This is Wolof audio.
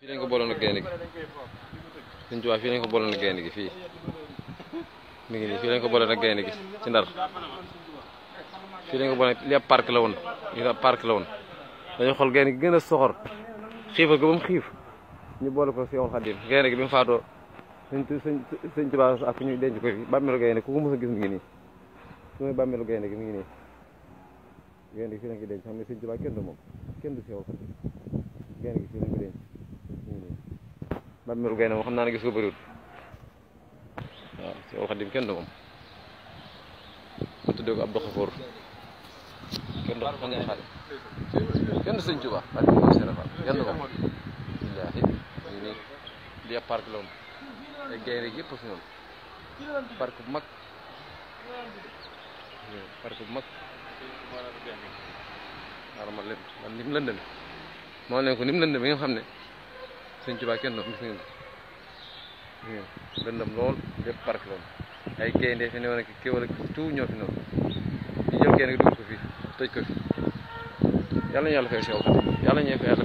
fii ko booloon ak gaynde gi Sëñ Tuubaa fii lañ ko gi fii mi ngi nii fii ko booloon ak gaynde gi ci Ndar fii lañ ko booloon li ab parc la woon li ab parc la woon dañu xool gaynde gi gën a soxor xiifal ko ba mu xiif ñu boole ko Seexul Xadiim gaynde gi bi mu faatoo sëñ sëñ Tuubaa ak ñu denc ko fi bàmmeelu gaynde ku ko mos a gis mi ngi nii su may bàmmeelu gaynde gi mi ngi nii gaynde gi fii lañ ko denc xam ne Sëñ Tuubaa kenn du moom kenn du Seexul Xadiim bamiru gayna ya, moom xam naa gis ko bëriwut waaw si wal xadim kenn do moom tuddo ko Abdou Xafoor kenn do kenn du xaadim kenn do sëñ Tuba xaadim mooy sera ba kenn du ko billahi ni li lii ab parc la woon ay gaynde yëpp fi bu mak park bu mak normal lepp man nim mu lëndëm moo leen ko nim mu lëndëm nga xamne sëñ Tuubaa kenn dof gis ngeen gis ngeen lëndam lool lépp park loon ay gaynde fi newoon ak kéwal ak tout ñoo fi noonu ñu jël kenn dugg ko fii tëj ko fi yàlla ñu yàlla fay sew yàlla ñu fay